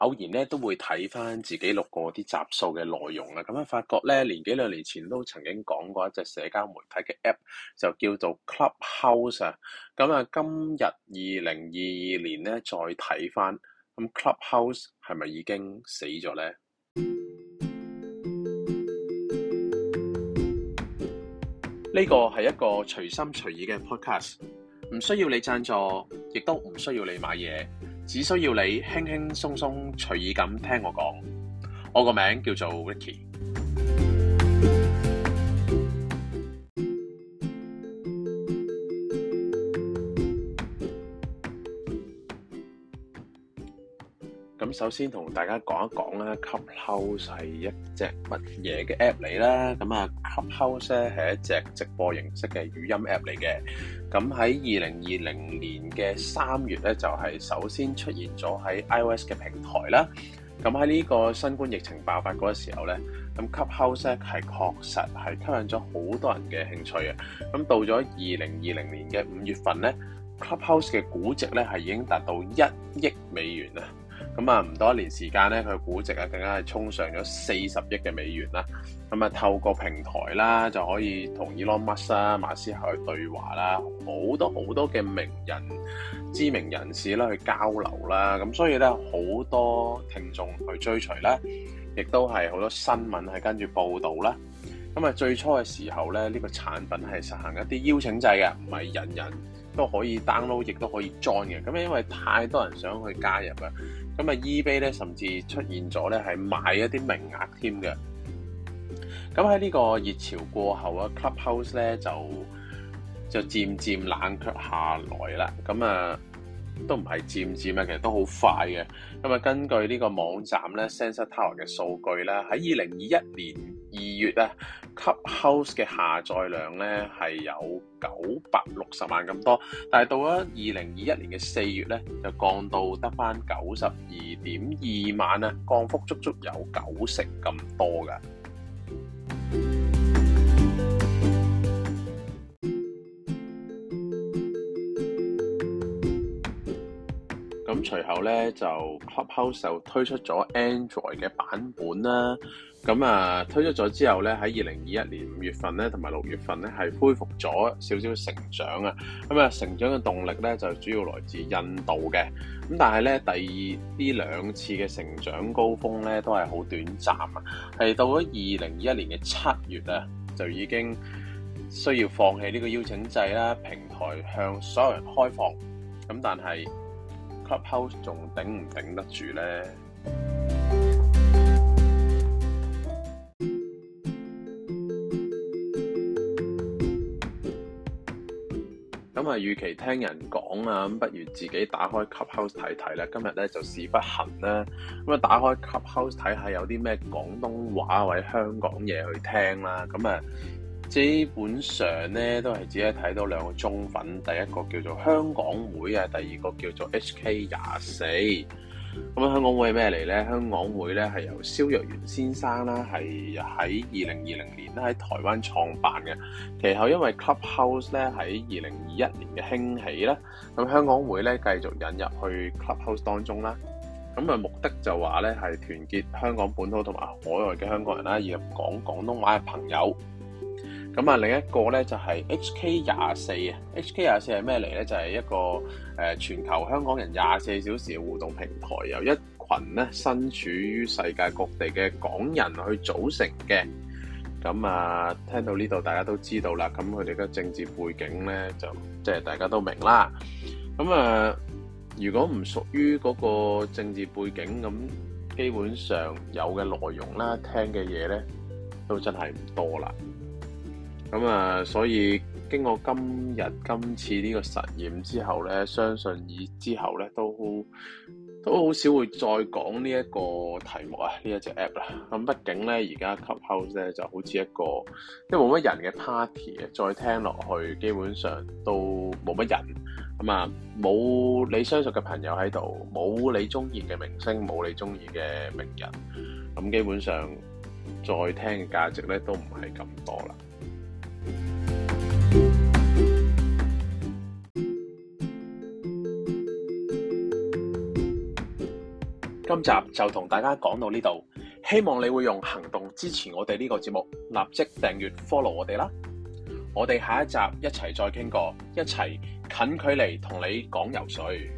偶然咧都會睇翻自己錄過啲集數嘅內容啊，咁樣發覺咧年幾兩年前都曾經講過一隻社交媒體嘅 App 就叫做 Clubhouse 啊，咁啊今日二零二二年咧再睇翻，咁、啊、Clubhouse 係咪已經死咗咧？呢個係一個隨心隨意嘅 Podcast，唔需要你贊助，亦都唔需要你買嘢。只需要你輕輕鬆鬆、隨意咁聽我講，我個名叫做 Ricky。咁首先同大家講一講咧 Clubhouse 係一隻乜嘢嘅 app 嚟啦？咁啊 Clubhouse 咧係一隻直播形式嘅語音 app 嚟嘅。咁喺二零二零年嘅三月咧，就係首先出現咗喺 iOS 嘅平台啦。咁喺呢個新冠疫情爆發嗰個時候咧，咁 Clubhouse 係確實係吸引咗好多人嘅興趣啊。咁到咗二零二零年嘅五月份咧，Clubhouse 嘅估值咧係已經達到一億美元啊！咁啊，唔多一年時間咧，佢估值啊，更加係衝上咗四十億嘅美元啦！咁啊，透過平台啦，就可以同 Elon Musk 啊、馬斯克去對話啦，好多好多嘅名人、知名人士啦去交流啦，咁所以咧，好多聽眾去追隨啦，亦都係好多新聞係跟住報導啦。咁啊，最初嘅時候咧，呢、呢個產品係實行一啲邀請制嘅，唔係人人都可以 download，亦都可以 join 嘅。咁因為太多人想去加入啊，咁啊，eBay 咧甚至出現咗咧係買一啲名額添嘅。咁喺呢個熱潮過後啊，Clubhouse 咧就就漸漸冷卻下來啦。咁啊，都唔係漸漸啊，其實都好快嘅。咁啊，根據呢個網站咧，Sensor Tower 嘅數據啦，喺二零二一年。二月啊，Clubhouse 嘅下載量咧係有九百六十萬咁多，但係到咗二零二一年嘅四月咧，就降到得返九十二點二萬啊，降幅足足有九成咁多㗎。咁隨後咧就 Clubhouse 就推出咗 Android 嘅版本啦。咁啊推出咗之後咧，喺二零二一年五月份咧同埋六月份咧，係恢復咗少少成長啊。咁啊，成長嘅動力咧就主要來自印度嘅。咁但係咧，第二呢兩次嘅成長高峰咧都係好短暫啊。係到咗二零二一年嘅七月咧，就已經需要放棄呢個邀請制啦，平台向所有人開放。咁但係。Clubhouse 仲頂唔頂得住呢？咁啊，與其聽人講啊，咁不如自己打開 Clubhouse 睇睇啦。今日咧就事不行啦，咁啊，打開 Clubhouse 睇下有啲咩廣東話或者香港嘢去聽啦。咁啊～基本上咧都係只係睇到兩個忠粉，第一個叫做香港會啊，第二個叫做 H K 廿四。咁啊，香港會係咩嚟呢？香港會咧係由蕭若元先生啦，係喺二零二零年咧喺台灣創辦嘅。其後因為 Clubhouse 咧喺二零二一年嘅興起啦，咁香港會咧繼續引入去 Clubhouse 當中啦。咁啊，目的就話咧係團結香港本土同埋海外嘅香港人啦，以及講廣東話嘅朋友。咁啊，另一個呢就係 HK 廿四啊，HK 廿四係咩嚟呢？就係一個誒、呃、全球香港人廿四小時嘅互動平台，由一群呢身處於世界各地嘅港人去組成嘅。咁啊，聽到呢度大家都知道啦。咁佢哋嘅政治背景呢，就即係大家都明啦。咁啊，如果唔屬於嗰個政治背景，咁基本上有嘅內容啦，聽嘅嘢呢都真係唔多啦。咁啊，所以經過今日今次呢個實驗之後呢，相信以之後呢，都很都好少會再講呢一個題目啊，呢一隻 app 啦。咁畢竟呢，而家 c l o s e 咧就好似一個即冇乜人嘅 party 再聽落去，基本上都冇乜人咁啊，冇你相熟嘅朋友喺度，冇你中意嘅明星，冇你中意嘅名人，咁基本上再聽嘅價值呢都唔係咁多啦。今集就同大家講到呢度，希望你會用行動支持我哋呢個節目，立即訂閱、Follow 我哋啦！我哋下一集一齊再傾過，一齊近距離同你講游水。